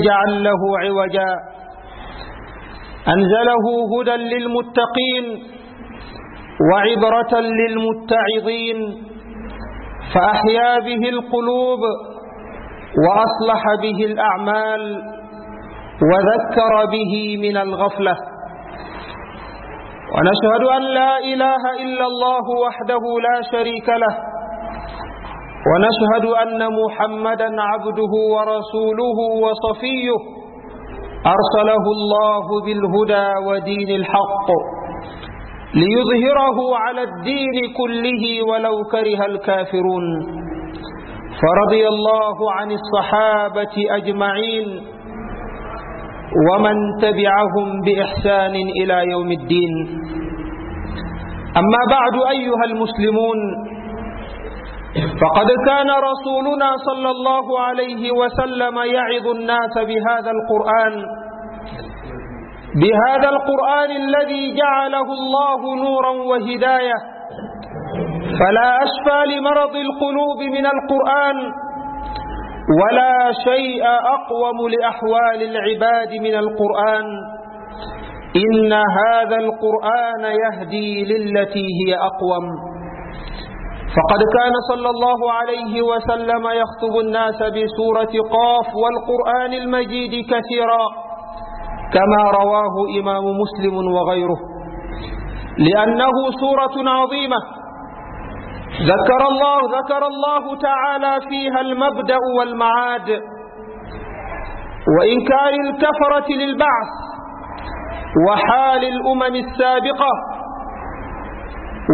يجعل له عوجا أنزله هدى للمتقين وعبرة للمتعظين فأحيا به القلوب وأصلح به الأعمال وذكر به من الغفلة ونشهد أن لا إله إلا الله وحده لا شريك له ونشهد أن محمدا عبده ورسوله وصفيه أرسله الله بالهدى ودين الحق ليظهره على الدين كله ولو كره الكافرون فرضي الله عن الصحابة أجمعين ومن تبعهم بإحسان إلى يوم الدين أما بعد أيها المسلمون فقد كان رسولنا صلى الله عليه وسلم يعظ الناس بهذا القرآن بهذا القرآن الذي جعله الله نورا وهداية فلا أشفى لمرض القلوب من القرآن ولا شيء أقوم لأحوال العباد من القرآن إن هذا القرآن يهدي للتي هي أقوم فقد كان صلى الله عليه وسلم يخطب الناس بسورة قاف والقرآن المجيد كثيرا كما رواه إمام مسلم وغيره لأنه سورة عظيمة ذكر الله ذكر الله تعالى فيها المبدأ والمعاد وإنكار الكفرة للبعث وحال الأمم السابقة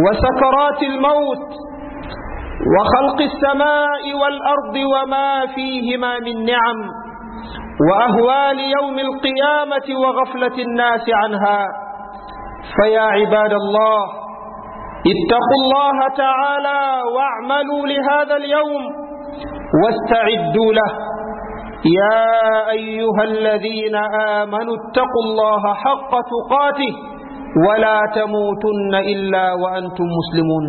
وسكرات الموت وخلق السماء والأرض وما فيهما من نعم وأهوال يوم القيامة وغفلة الناس عنها فيا عباد الله اتقوا الله تعالى واعملوا لهذا اليوم واستعدوا له يا أيها الذين آمنوا اتقوا الله حق تقاته ولا تموتن إلا وأنتم مسلمون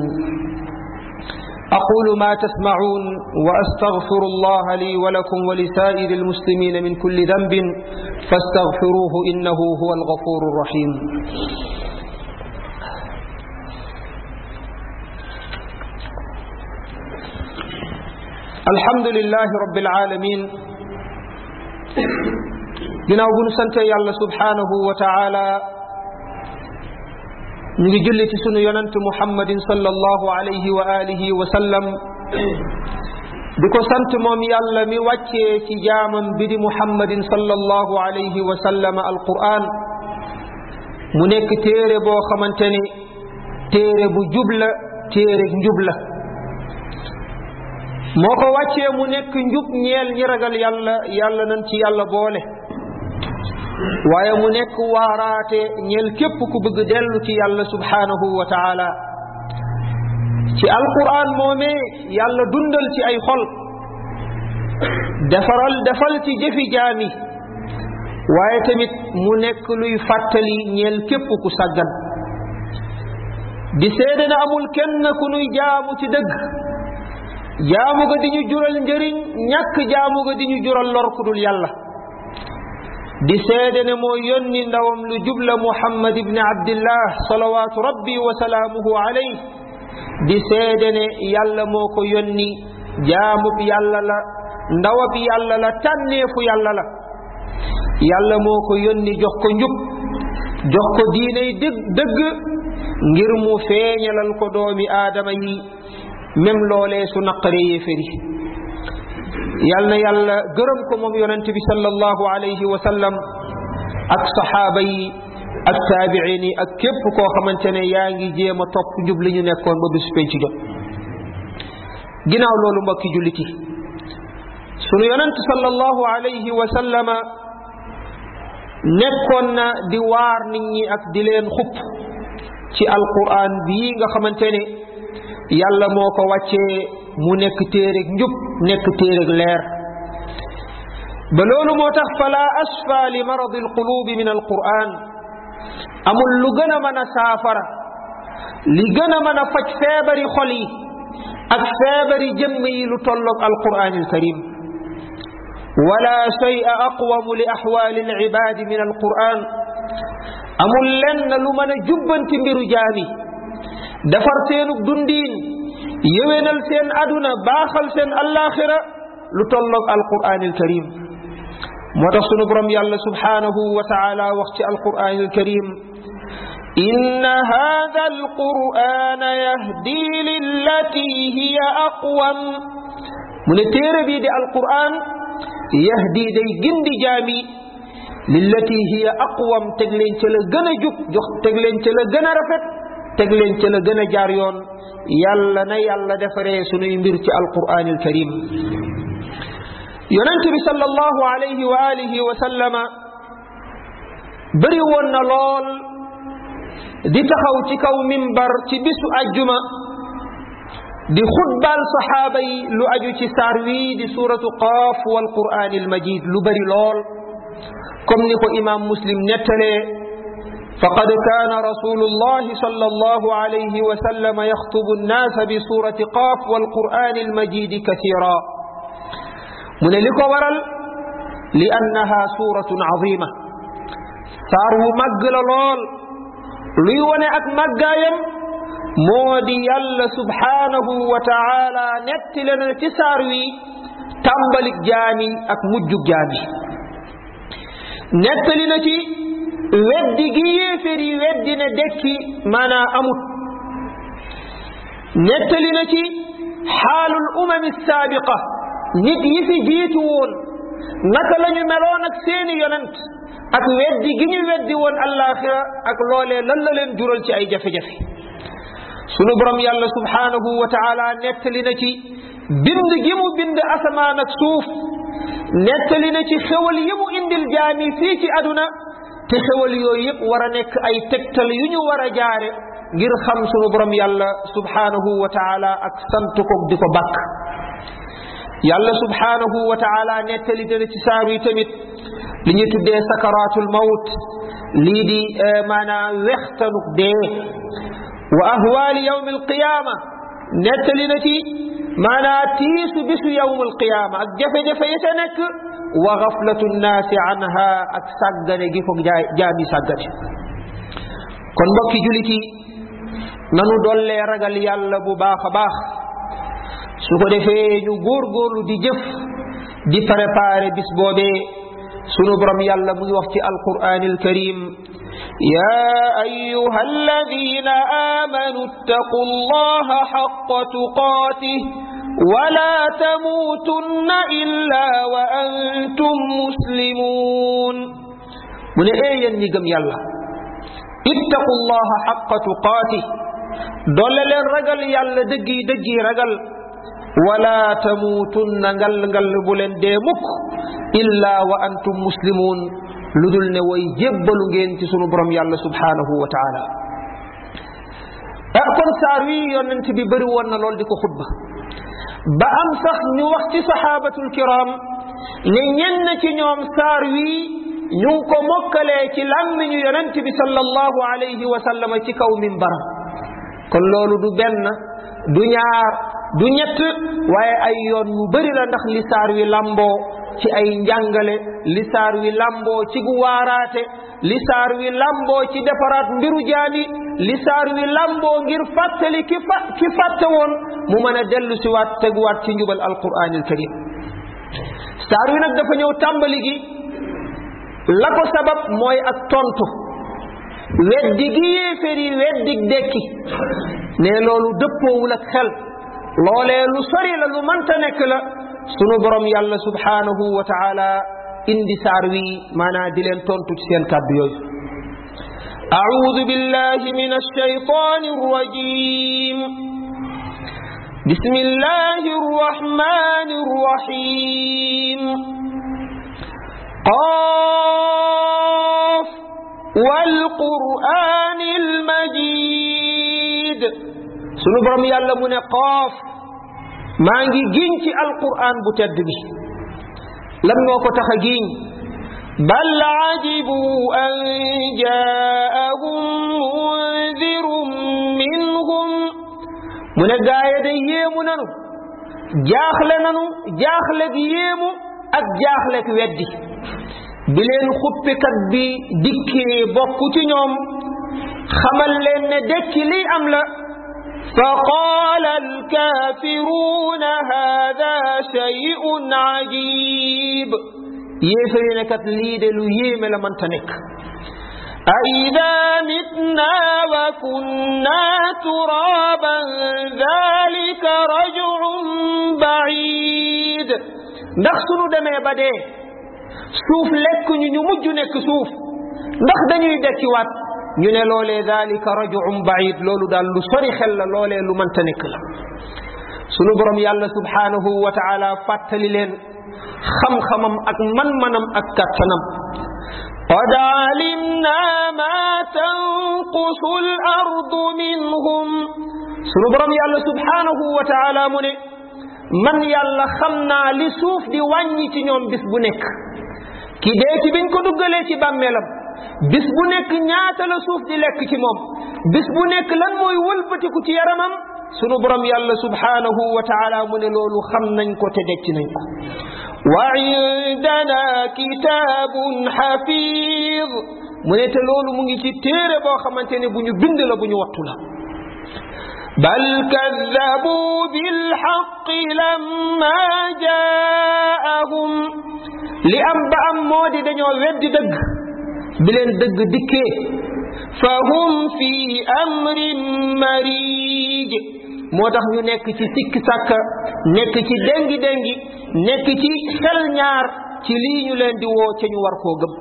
أقول ما تسمعون وأستغفر الله لي ولكم ولسائر المسلمين من كل ذنب فاستغفروه إنه هو الغفور الرحيم الحمد لله رب العالمين ginnaaw bu nu sante yàlla subhanahu wa taala ñu ngi julli ci sunu yonant muhammadin sallallahu alayhi wa alihi wa sallam di ko sant moom yàlla mi wàccee ci jaamam bi di muhammadin sallallahu alayhi wa sallam alquran mu nekk téere boo xamante ni téere bu jubla téere njubla moo ko wàccee mu nekk njub ñeel ñi ragal yàlla yàlla nan ci yàlla boole waaye mu nekk waaraate ñeel képp ku bëgg dellu ci yàlla subhaanahu wa taala ci alquran moomee yàlla dundal ci ay xol defaral defal ci jëfi jaami waaye tamit mu nekk luy fàttali ñeel képp ku sàggan di seede na amul kenn ku nuy jaamu ci dëgg jaamu ga di ñu jural njëriñ ñàkk jaamu ga di ñu jural lor ku yàlla di seede ne moo yónni ndawam lu jubla muhammad ibni abdillah salawaatu rabbi wa salaamuhu alayh di seede ne yàlla moo ko yónni jaamub yàlla la ndawab yàlla la tànneefu yàlla la yàlla moo ko yónni jox ko njub jox ko diinay dëgg ngir mu feeñalal ko doomi aadama yi même loolee su naqaree yal na yàlla gërëm ko moom yonent bi sallallahu alayhi wa sallam ak saxaaba yi ak taabiin ak képp koo xamante ne yaa ngi jéem a topp njub li ñu nekkoon ci bis penc jot ginnaaw loolu mbokki julliti sunu yonent sallallahu alayhi wa sallama nekkoon di waar nit ñi ak di leen xupp ci alquran bii nga xamante ne yàlla moo ko wàccee mu nekk téereg njub nekk téereg leer ba loolu moo tax fala asfa li maradi alqulubi min alquran amul lu gën a mën a saafara li gën a mën a faj feebari xol yi ak feebari jëmm lu tolloog alquran alkarim wala shay'a aqwamu li axwaali alibadi min alquran amul lenn lu mën a jubbanti mbiru jaami defar seenug dundiin yéwénal seen aduna baaxal seen allaaxira lu tolloog alquraanil karim moo tax sunu borom yàlla subhaanahu wa taala wax ci alquraanil karim inna yahdi lillati hiya aqwam mu ne téere bii di alqur'aan yahdi day gindi jaami lillati hiya aqwam teg leen ca la leen ca gën a rafet teg leen ca la gën a jaar yoon yàlla na yàlla defaree sunuy mbir ci alquraanil karim yonent bi sallallahu wa alihi wa woon na lool ci kaw ci bisu ajjuma di xutbaal saxaaba lu aju ci saar wii di suuratu qaaf wal quraanil majid lu bëri lool comme ni ko imaam muslim nettalee فقد كان رسول الله صلى الله عليه وسلم يخطب الناس بسورة قاف والقرآن المجيد كثيرا من لك ورل لأنها سورة عظيمة ساره مجل لول ليون أك مجايم مودي يلا سبحانه وتعالى نتلنا تساروي تنبلك جامي أك مجو جامي نتلنا تي weddi gi yéeféer yi weddi ne dekki maanaa amut nettali na ci xaalul umami saabiqa nit yi fi jiitu woon naka la ñu meloon ak seeni yonent ak weddi gi ñu weddi woon allaaxira ak loole lan la leen jural ci ay jafe-jafe sunu borom yàlla subhaanahu wa taala nettali na ci bind gi mu bind asamaan ak suuf nettali na ci xewal yi mu indil jaami fii ci aduna te xewal yooyu yëpp war a nekk ay tegtal yu ñu war a jaare ngir xam sunu borom yàlla subhanahu wa taala ak sant ko di ko bàkk yàlla subhanahu wa taala nettali dana ci saaru yi tamit li ñuy tuddee sakaraatul mawt lii di eh, maanaam wextanuk dee wa ahwaali yawmi alqiyaama nettali na ci maanaa tiisu bisu yawmu alqiyaama ak jafe-jafe ya nekk wa gaflatu nnaasi anha ak sàggane gi ko jaami sàggane kon mbokki jullit yi nanu dollee ragal yàlla bu baax a baax su ko defee ñu góorgóorlu di jëf di préparer bis boobee sunu borom yàlla muy wax ci alquranil karim يا أيها الذين آمنوا اتقوا الله حق تقاته ولا تموتن إلا وأنتم مسلمون من أين نجم يلا اتقوا الله حق تقاته دولل الرجل يلا دقي دقي رجل ولا تموتن نقل نقل بولن ديمك إلا وأنتم مسلمون لدل نوي جبل نجين تسنو برم يلا سبحانه وتعالى أكون ساروي ينتبه بري وانا لول ديكو خطبه ba am sax ñu wax ci saxaabatul kiram ñenn ci ñoom saar wi ñu ngi ko mokkalee ci làmmiñu yonent bi sallallahu alayhi wa sallam ci kaw mimbaram kon loolu du benn du ñaar du ñett waaye ay yoon yu bari la ndax li saar wi làmboo ci ay njàngale li saar wi làmboo ci gu li saar wi làmboo ci defaraat mbiru jaani li saar wi làmboo ngir fàttali ki fa woon mu mën a dellu si waat teguwaat ci njubal alquranil karim saar wi nag dafa ñëw tàmbali gi la ko sabab mooy ak tontu weddi gi yéeféer yi weddi dekki ne loolu dëppoowul ak xel loolee lu sori la lu mënta nekk la sunu borom yàlla subhaanahu wa taala indi saar wi maanaa di leen tontu ci seen kàddu yooyu أعوذ بالله من الشيطان الرجيم بسم الله الرحمن الرحيم قاف والقرآن المجيد sunu borom yàlla mu ne qaaf maa ngi giñ ci alqur'an bu tedd bi lan moo ko tax a giñ bal ajibu an jaahum mu ne gaaya de yéemu nanu jaaxle nanu jaaxleg yéemu ak jaaxleg weddi bi leen xuppikat bi dikkee bokk ci ñoom xamal leen ne dekki lii am la fa qaala alkaafiruuna haada shay'un ajib yéefari ne kat lii de lu yéeme la mënta أَإِذَا مِتْنَا وَكُنَّا تُرَابًا ذَلِكَ رَجْعٌ بَعِيدٌ ndax sunu demee ba dee suuf lekk ñu ñu mujj nekk suuf ndax dañuy dekkiwaat ñu ne loolee dhalika raj'un ba'id loolu daal lu sori xel la loolee lu mënta nekk la sunu borom yàlla subhanahu wa ta'ala fàttali leen xam-xamam ak man-manam ak kàttanam قد علمنا ما تنقص الأرض منهم sunu borom yàlla subhaanahu wa taala mu ne man yàlla xam naa li suuf di wàññi ci ñoom bis bu nekk ki dee ci biñ ko duggalee ci bàmmeelam bis bu nekk ñaata la suuf di lekk ci moom bis bu nekk lan mooy wëlbatiku ci yaramam sunu borom yàlla subhaanahu wa taala mu ne loolu xam nañ ko te decc nañ ko wa indana kitaabun xafiid mu ne te loolu mu ngi ci téere boo xamante ne bu ñu bind la bu ñu wattu la bal kaddabu bilxaqi lamma jaahum li am ba am moo di dañoo weddi dëgg bi leen dëgg dikkee fa hum fi amrin marij moo tax ñu nekk ci sikki sàkka nekk ci déngi déngi nekk ci xel ñaar ci lii ñu di woo ca ñu war koo gëm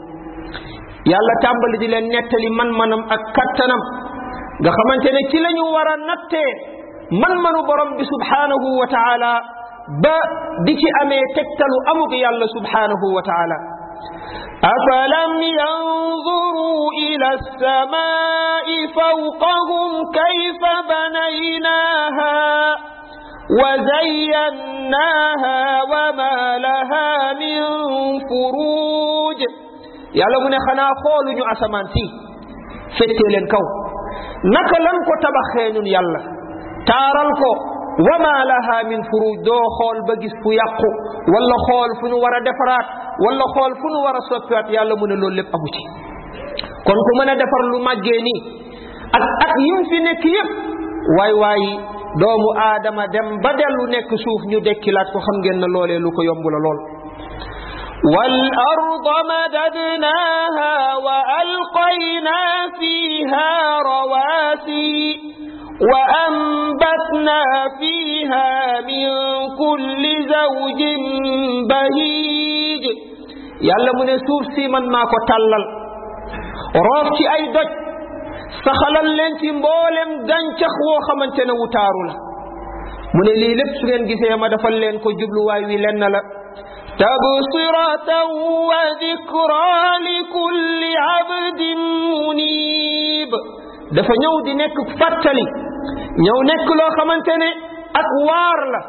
yàlla tàmbali di leen nettali man-manam ak kattanam nga xamante ne ci la ñu war a man-manu borom bi subhaanahu wa taala ba di ci amee tegtalu amug yàlla subhaanahu wa taala afalam yanzuruu ila alsamaai fawqahum kayfa banaynaha وزيناها وما لها من فروج yàlla mu ne xanaa xooluñu asamaan si fettee leen kaw naka lan ko tabaxee ñun yàlla taaral ko wama laha min furuj doo xool ba gis fu yàqu wala xool fu ñu war a defaraat wala xool fu ñu war a soppiwaat yàlla mu ne loolu lépp a ci kon ku mën a defar lu màggee nii ak at yim fi nekk yépp doomu aadama dem ba dellu nekk suuf ñu dekkilaat ko xam ngeen na loolee lu ko yomb lool wal arda madadnaha wa alqayna fiha rawasi wa anbatna fiha min kulli zawjin bahij yàlla mu ne suuf si man maa ko tàllal roof ci ay doj saxalal leen ci mboolem gàncax woo xamante ne wu taaru mu ne lii lépp su ngeen ma defal leen ko jubluwaay wi lenn la tabsiratan wa dikra li kulli abdin munib dafa ñëw di nekk fàttali ñëw nekk loo xamante ne ak waar la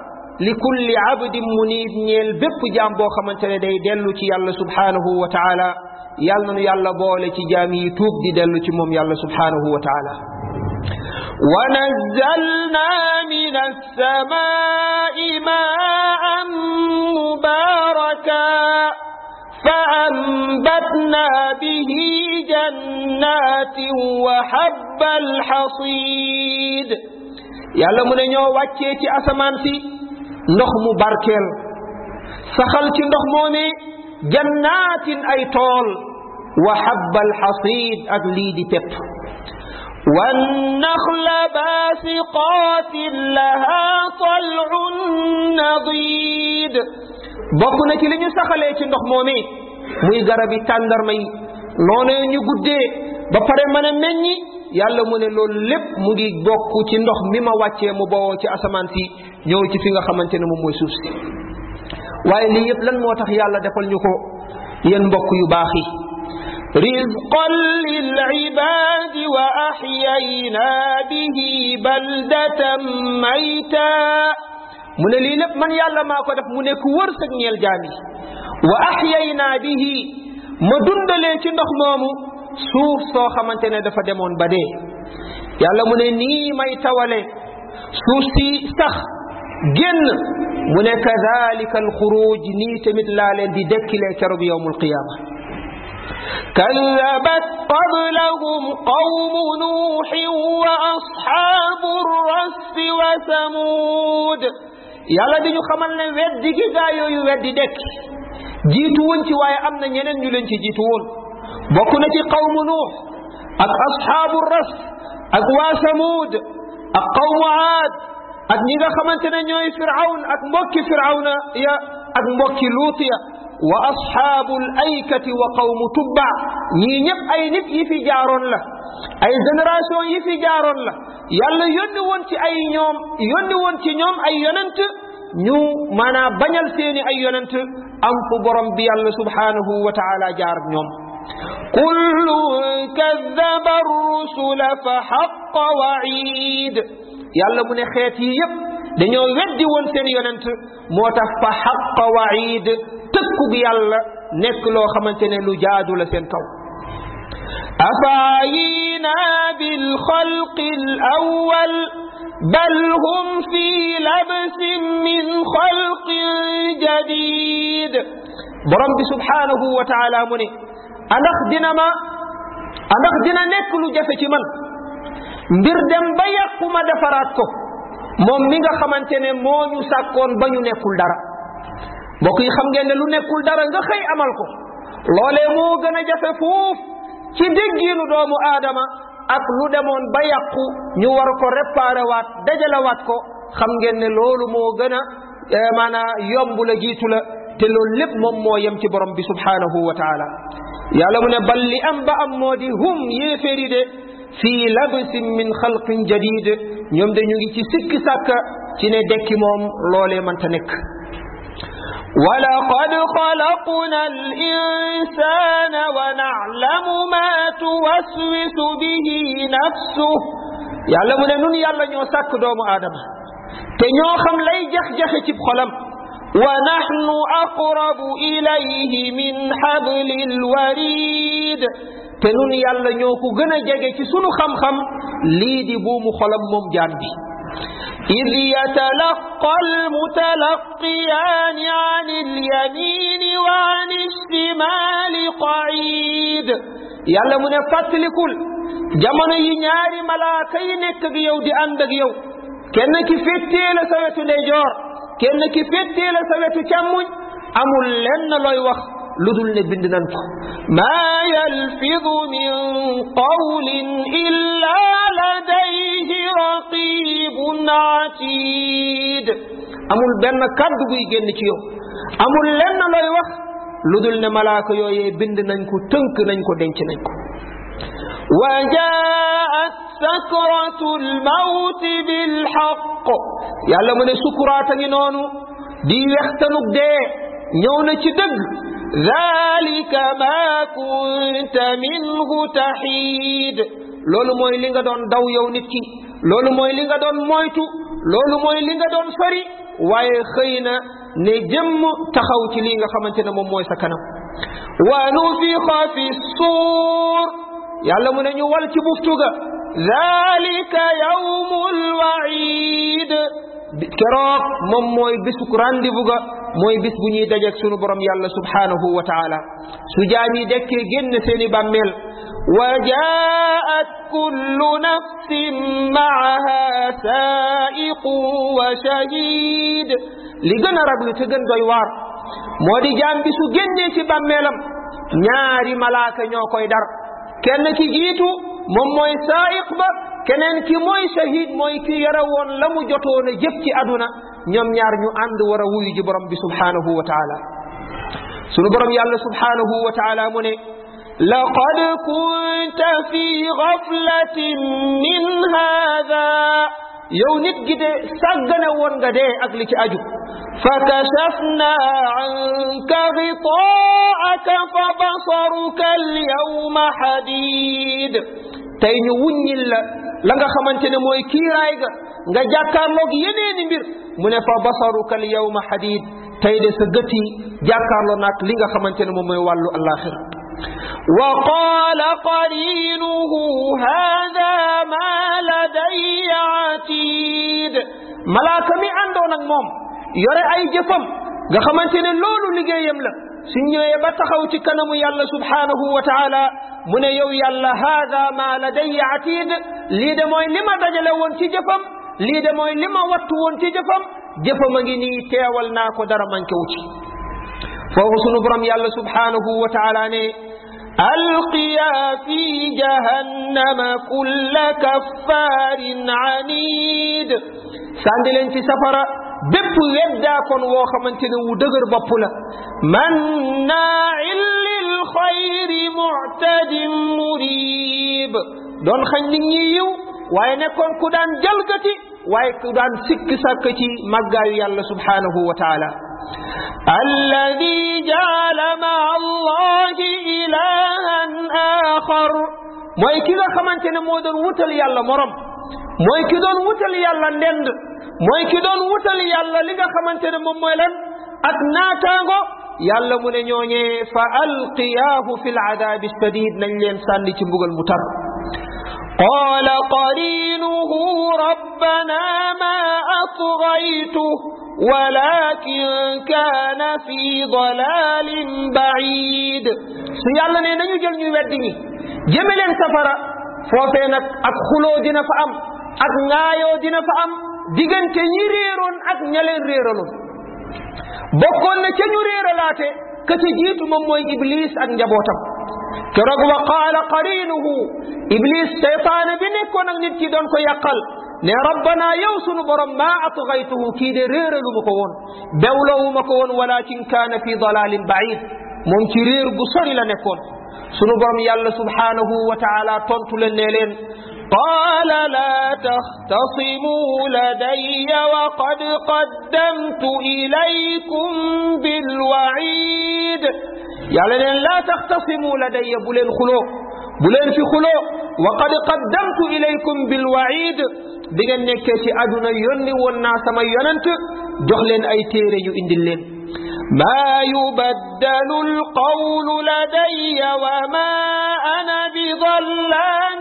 li kulli abdin munib ñeel bépp jaam boo xamante ne day dellu ci yàlla subhanahu wa taala yàlla na nu yàlla boole ci jaam yi tuub di dellu ci moom yàlla subhaanahu wa taala wa nazzalna min as-samaa'i maa'an mubaaraka fa anbatna bihi jannatin wa habba al-hasiid yàlla mu ne ñoo wàccee ci asamaan si ndox mu barkeel saxal ci ndox moomee jannaatin ay tool wa xabbal xasiid ak lii di tepp wannaxla baasiqaatin lahaa tal'un nadiid bokk na ci li ñu saxalee ci ndox moomee muy garabi tàndarma yi noonee ñu guddee ba pare mën a meññi yàlla mu ne loolu lépp mu ngi bokk ci ndox mi ma wàccee mu bowoo ci asamaan si ñëw ci fi nga xamante ne moom mooy suuf si waaye lii yëpp lan moo tax yàlla defal ñu ko yéen mbokk yu baax yi rizqan lil ibaadi wa axyayna bihi baldatan mayta mu ne lii lépp man yàlla maa ko def mu nekk wërsëg ñeel jaam yi wa axyayna bihi ma dundalee ci ndox moomu suuf soo xamante ne dafa demoon ba dee yàlla mu ne nii may tawale suuf si sax génn mu ne kadalika alxuruj nii tamit laa leen di dekkilee keroog yowmul qiyaama kadabat qablahum qawmu nuuxin wa asxaabu rasi wa samuud yàlla di ñu xamal ne weddi gi gaa yooyu weddi dekk jiitu woon ci waaye am na ñeneen ñu leen ci jiitu woon bokk na ci qawmu nuux ak asxaabu ras ak waa samuud ak qawmu aad ak ñi nga xamante na ñooy firawn ak mbokki firawna ya ak mbokki luut ya wa asxaabul aykati wa qawmu tubba ñii ñëpp ay nit yi fi jaaroon la ay génération yi fi jaaroon la yàlla yónni woon ci ay ñoom yónni woon ci ñoom ay yonent ñu maanaa bañal seeni ay yonent am fu borom bi yàlla subhaanahu wa taala jaar ñoom kullun kaddaba rusula fa xaqa waid yàlla mu ne xeet yi yépp dañoo weddi woon seen yonent moo tax wa xaqa waid tëkkug yàlla nekk loo xamante ne lu jaadu la seen kaw afayina bilxalqi alawal bal hum fi labsin min xalqin jadid borom bi subhanahu wa taala mu ne andax dina nekk lu jafe ci man mbir dem ba yàqu ma defaraat ko moom mi nga xamante ne moo ñu sàkkoon ba ñu nekkul dara mbokk xam ngeen ne lu nekkul dara nga xëy amal ko loolee moo gën a jafe foofu ci déggiinu doomu aadama ak lu demoon ba yàqu ñu war ko réparé waat dajalawaat ko xam ngeen ne loolu moo gën a eh, maanaa yomb la jiitu te loolu lépp moom moo yem ci borom bi subhaanahu wa yàlla mu ne bal am ba am moo di hum yéeféeri de fii labisin min xalqin jadid ñoom de ñu ngi ci sikki sàkka ci ne dekki moom loolee mënta nekk walaqad xalaqna al insana wa na'lamu ma tuwaswisu bihi nafsuh yàlla mu ne nun yàlla ñoo sàkk doomu aadama te ñoo xam lay jax-jaxe cib xolam wa nahnu aqrabu ilayhi min hablil warid te nun ñoo ko gën a jege ci sunu xam-xam lii di buumu xolam moom jaan bi id yatalaqa almutalaqiyaani an alyamini wa an ishtimaali qaid yàlla mu ne fàttalikul jamono yi ñaari malaa yi nekk ak yow di ànd ak yow kenn ki féttee la sa wetu ndeyjoor kenn ki féttee la sa wetu càmmuñ amul lenn looy wax lu dul ne bind nan ko maa yalfidu min qawlin illa ladayhi raqibun atid amul benn kàddu guy génn ci amul lenn looy wax lu dul ne malaaka yooyee bind nañ ko tënk nañ ko denc nañ ko wa jaat sakratul mawti bil haqq yàlla mu ne sukuraata ngi noonu di wextanug dee ñëw na ci dëgg zalika ma kunta minhu taxiid loolu mooy li nga doon daw yow nit ki loolu mooy li nga doon moytu loolu mooy li nga doon sori waaye xëy na ne jëmm taxaw ci lii nga xamante ne moom mooy sa kanam wa nufixa fi suur yàlla mu ne ñu wal ci buftu ga zalika yawmul waid keroog moom mooy bésuk rendez-vous mooy bis bu ñuy dajeek sunu borom yàlla su jaam yi dekkee génn seeni bàmmeel wa jaat kullu nafsin maaha saa'iqu wa shahid li gën a raglu te gën doy moo di jaam bi su génnee ci bàmmeelam ñaari malaaka ñoo koy dar kenn ki jiitu moom mooy saa'iq ba keneen ki mooy shahid mooy ki yore woon la mu jotoon a jëf ci aduna ñoom ñaar ñu ànd war a wuyu ji borom bi subhaanahu wa taala sunu borom yàlla subhaanahu wa taala mu ne laqad kunta fi gaflatin min haada yow nit gi de sàggane woon nga dee ak li ci aju فكشفنا عنك غطاءك فبصرك اليوم حديد تين وني la nga xamante ne mooy kiiraay ga nga jàkkaarloog yeneeni mbir mu ne fa basaruka al yawma xadid tey de sa gët yi jàkkaarloo naag li nga xamante ne moom mooy wàllu alaxira wa qaala qarinuhu hada ma ladayya atid malaaka mi àndoon ak moom yore ay jëfam nga xamante ne loolu liggéeyam la su ñëwee ba taxaw ci kanamu yàlla subhaanahu wa taala mu ne yow yàlla haada maa ladayya atid lii de mooy li ma dajale woon ci jëfam lii de mooy li ma wattu woon ci jëfam jëfam a ngi nii teewal naa ko dara manke wu ci foofu sunu borom yàlla subhaanahu wa taala ne alqiya fi jahannama kulla kaffaarin anid sandi safara bépp weddaakoon woo xamante ne wu dëgër bopp la mannaain lil xayri mu'tadin murib doon xañ nit waaye nekkoon ku daan jalgati waaye ku daan sikk sàkk ci màggaayu yàlla subhanahu wa taala alladi jaala ma allahi ilahan axar mooy ki nga xamante ne moo doon wutal yàlla morom mooy ki doon wutal yàlla ndend mooy ki doon wutal yàlla li nga xamante ne moom mooy lan ak naataango yàlla mu ne ñooñee fa alqiyaahu fi ladabi shadid nañ leen sànni ci mbugal mu tar qaala qarinuhu rabbana ma atghaytu walakin kaana fi dalalin baid su yàlla ne nañu jël ñu weddi ñi jëme leen safara foofee nag ak xuloo dina fa am diggante ñi réeroon ak ña leen bokkoon na ca ñu réeralaate ka ci jiitu moom mooy iblis ak njabootam keroog wa qaala qarinuhu iblis seytaane bi nekkoon ak nit ki doon ko yàqal ne rabbana yow sunu borom ma atgaytuhu kii de réeraluma ko woon bewlawuma ko woon walakin kaana fi dalalin baid moom ci réer gu sori la nekkoon sunu borom yàlla subhanahu tontu leen ne قال لا تختصموا لدي وقد قدمت إليكم بالوعيد yàlla leen laa taxtasimu ladayya bu leen xuloo bu leen fi xuloo wa qad qaddamtu ilaykum bil waid bi ngeen nekkee ci àdduna yónni woon naa sama yonent jox leen ay téere ñu indil leen ما يبدل القول لدي وما أنا بظلام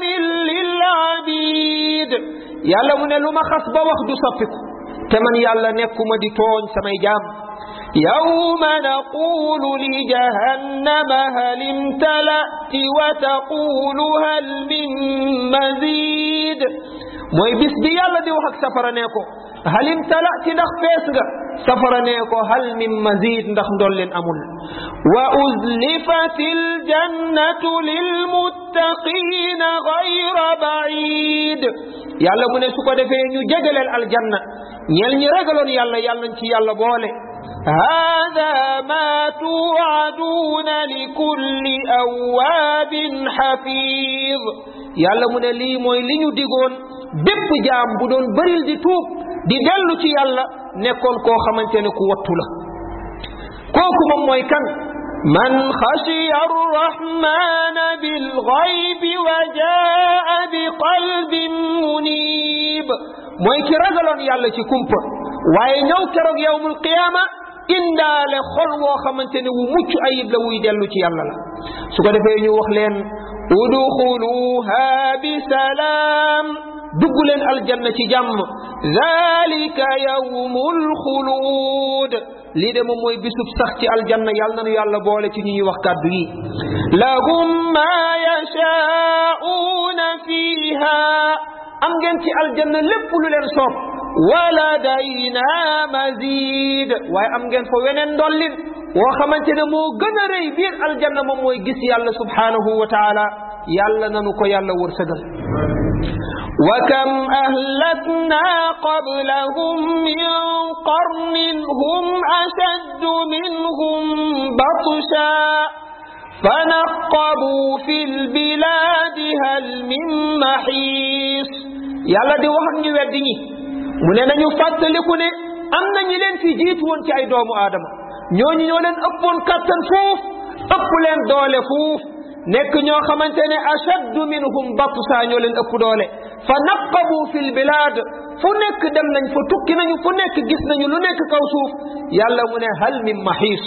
للعبيد yàlla mu ne lu ma xas ba wax du soppiku te man yàlla nekkuma di tooñ samay jaam yawma naqulu li jahannama hal imtala'ti wa taqulu hal min mazid mooy bis bi yàlla di wax ak safara ne ko hal imtalati ndax fees nga safara nee ko hal min mazid ndax ndolleen amul wa uzlifatil jannatu lil muttaqina ghayra ba'id yàlla mu ne su ko defee ñu jegaleel aljanna ñeel ñi ragaloon yàlla yàlla nañ ci yàlla boole hada ma tu'aduna li kulli awabin hafiz yàlla mu ne lii mooy li ñu digoon bépp jaam bu doon bëril di tuub di dellu ci yàlla nekkoon koo xamante ne ku wattu la kooku moom mooy kan man xashiya arrahmana bilxaybi wa jaa bi qalbin munib mooy ki ragaloon yàlla ci kumpa waaye ñëw keroog yawmul qiyaama indaale xol woo xamante ne wu mucc ayib la wuy dellu ci yàlla la su ko defee ñu wax leen udxuluha bi salaam dugg leen aljanna ci jàmm zalika yawmul xuluud lii de moom mooy bisub sax ci aljanna yàlla nanu yàlla boole ci ñu ñuy wax kàddu yi lahum ma yashaauna fiha am ngeen ci aljanna lépp lu leen soob wala dayna mazid waaye am ngeen fa weneen ndollin woo xamante ne moo gën a rëy biir aljanna moom mooy gis yàlla subhaanahu wa taala yàlla nanu ko yàlla wërsëgal وكم أهلكنا قبلهم من قرن هم أشد منهم بطشا فنقبوا في البلاد هل من محيص yàlla di wax ak ñu weddi ñi mu ne nañu fàttaliku ne am na ñi leen fi jiitu woon ci ay doomu aadama ñooñu ñoo leen ëppoon kattan fuuf ëpp leen doole fuuf nekk ñoo xamante ne ashaddu minhum batsa ñoo leen ëpp doole fa naqabu fil bilad fu nekk dem nañ fa tukki nañu fu nekk gis nañu lu nekk kaw suuf yàlla mu ne hal min maxiis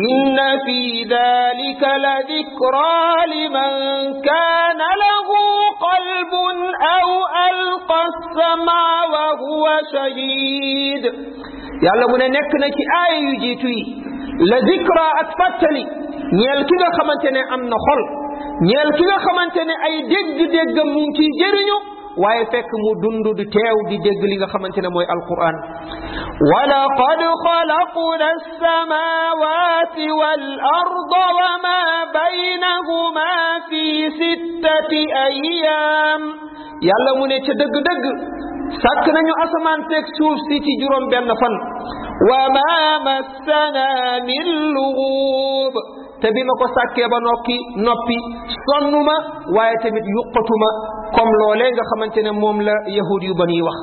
inna fi dalika la dikra liman kaana lahu qalbun aw alqa sama wa huwa shahid yàlla mu ne nekk na ci aaya yu jiitu yi la dikra ak fàttali ñeel ki nga xamante ne am na xol ñeel ki nga xamante ne ay dégg-déggam mu ngi ciy jëriñu waaye fekk mu dund di teew di dégg li nga xamante ne mooy alquran wa laqad xalaqna alsamawati wal arda wa ma baynahuma fi sittati ayyaam yàlla mu ne ca dëgg-dëgg sàkk nañu asamaan teg suuf si ci juróom benn fan wa ma massana min luguub te bi ma ko sàkkee ba nokki noppi sonnuma waaye tamit yuqatuma comme loolee nga xamante ne moom la yahud yu ba nuy wax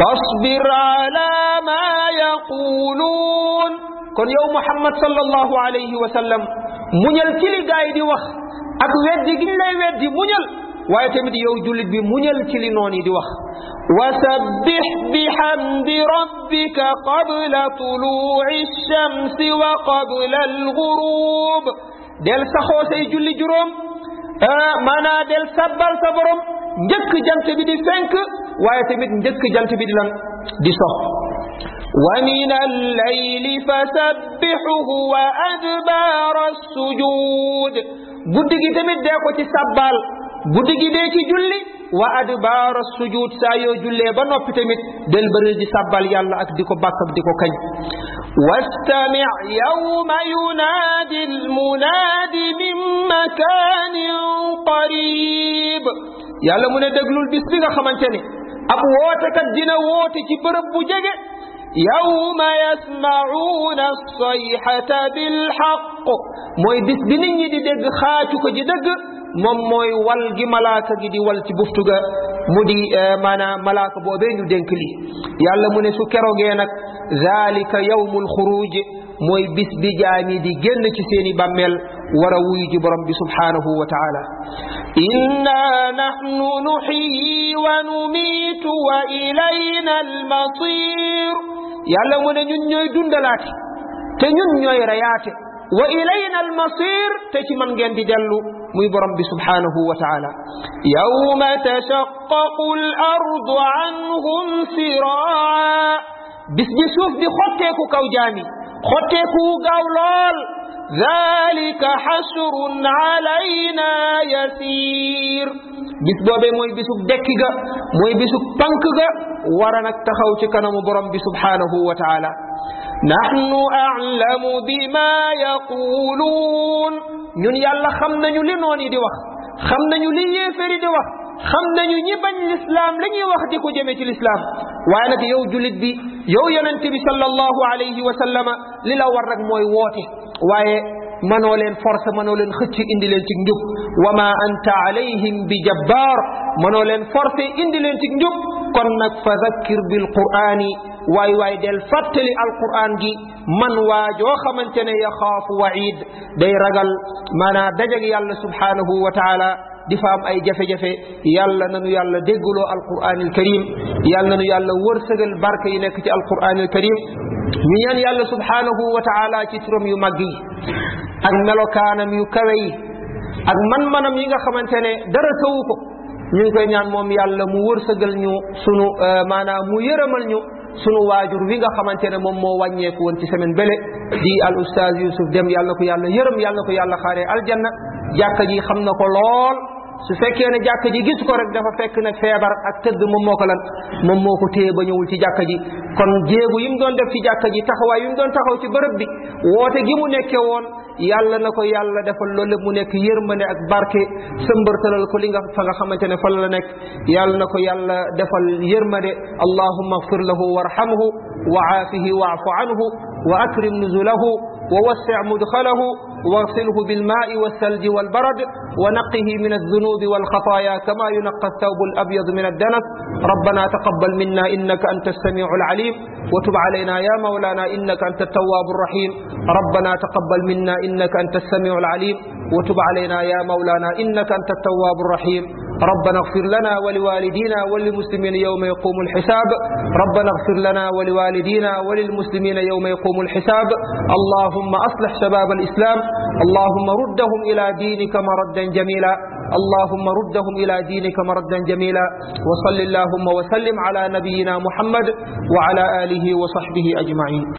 fasbir ala ma yaquluun kon yow muhammad sallallahu alayhi wa sallam muñal ci li gaay di wax ak weddi giñ lay weddi muñal waaye tamit yow jullit bi muñal ci li noon yi di wax وسبح بحمد ربك قبل طلوع الشمس وقبل الغروب del saxoo say julli juróom maanaam del sabbal sa borom njëkk jant bi di fenk waaye tamit njëkk jant bi di lan di sox wa min al-layli fasabbihuhu wa adbaara as-sujud guddi gi tamit dee ko ci sabbal guddi gi dee ci julli wa adbaara sujuud saa yoo jullee ba noppi tamit del bëri di sabbal yàlla ak diko ko bàkk ak di ko kañ wastami yawma yunaadi almunaadi min makaanin qariib yàlla mu ne déglul bis nga xamante ne ab wootekat dina woote ci bërëb bu jege yawma yasma'uuna as bil haqq mooy bis bi nit ñi di dégg ko ji dëgg moom mooy wal gi malaaka gi di wal ci buftu ga mu di eh, maanaam malaaka boobee ñu dénk li yàlla mu ne su kerogee nag zalika mooy bis bi jaami di génn ci seeni bàmmeel war a wuyu ji borom bi subhanahu wa taala inna nahnu nuxyi wa numiitu wa ilayna almasir yàlla mu ne ñun ñooy dundalaate te ñun ñooy reyaate wa ilayna almasir te ci man ngeen di dellu muy borom bi subhanahu wa taala yawma tashaqqaqu al-ardu anhum siraa bis bi suuf di xotteeku kaw jaami xotteeku gaaw lool dalika xasrun alayna yasiir bis boobee mooy bisub dekki ga mooy bisub pank ga war a nag taxaw ci kanamu borom bi subhanahu wa taala naxnu aclamu bima yaquuluun ñun yàlla xam nañu li noon yi di wax xam nañu li yéeféri di wax xam nañu ñi bañ lislaam la ñuy wax di ko jëme ci lislaam waaye nag yow julit bi yow yonent bi sallallahu alayhi wa sallama li la war rek mooy woote waaye mënoo leen force mënoo leen xëcc indi leen ci njub wa ma anta alayhim bi jabbaar mënoo leen force indi leen ci njub kon nag fa zakkir bil qur'ani waay waay del fàttali alquran gi man waajoo xamante ne yaxaafu waid day ragal maanaa dajag yàlla subhanahu wa taala di fa am ay jafe-jafe yàlla nanu yàlla déggloo alquranil karim yàlla nanu yàlla wërsëgal barke yi nekk ci alquranil karim ñu ñaan yàlla subhanahu wa taala ci turam yu màgg yi ak melokaanam yu kawe yi ak man-manam yi nga xamante ne dara tawu ko koy ñaan moom yàlla mu wërsëgal ñu sunu euh, maanaam mu yërëmal ñu sunu waajur wi nga xamante ne moom moo wàññeeku woon ci semaine bële di al oustaz Youssouf dem yàlla ko yàlla yërëm yàlla ko yàlla xaaree aljanna jàkka ji xam na ko lool su fekkee ne jàkk ji gis ko rek dafa fekk ne feebar ak tëdd moom moo ko lan moom moo ko téye ba ñëwul ci jàkk ji kon jéegu yi mu doon def ci jàkk ji taxawaay yi doon taxaw ci bërëb bi woote gi mu nekke woon yàlla na ko yàlla defal loolu mu nekk yërmande ak barke sëmbërtalal ko li nga fa nga xamante ne fa la nekk yàlla na ko yàlla defal yërmande allahumma agfir lahu warhamhu wa aafihi waafu anhu wa akrim nuzulahu ووسع مدخله واغسله بالماء والثلج والبرد ونقه من الذنوب والخطايا كما ينقى الثوب الأبيض من الدنس ربنا تقبل منا إنك أنت السميع العليم وتب علينا يا مولانا إنك أنت التواب الرحيم ربنا تقبل منا إنك أنت السميع العليم وتب علينا يا مولانا إنك أنت التواب الرحيم ربنا اغفر لنا ولوالدينا وللمسلمين يوم يقوم الحساب ربنا اغفر لنا ولوالدينا وللمسلمين يوم يقوم الحساب اللهم أصلح شباب الإسلام اللهم ردهم إلى دينك مردا جميلا اللهم ردهم إلى دينك مردا جميلا وصل اللهم وسلم على نبينا محمد وعلى آله وصحبه أجمعين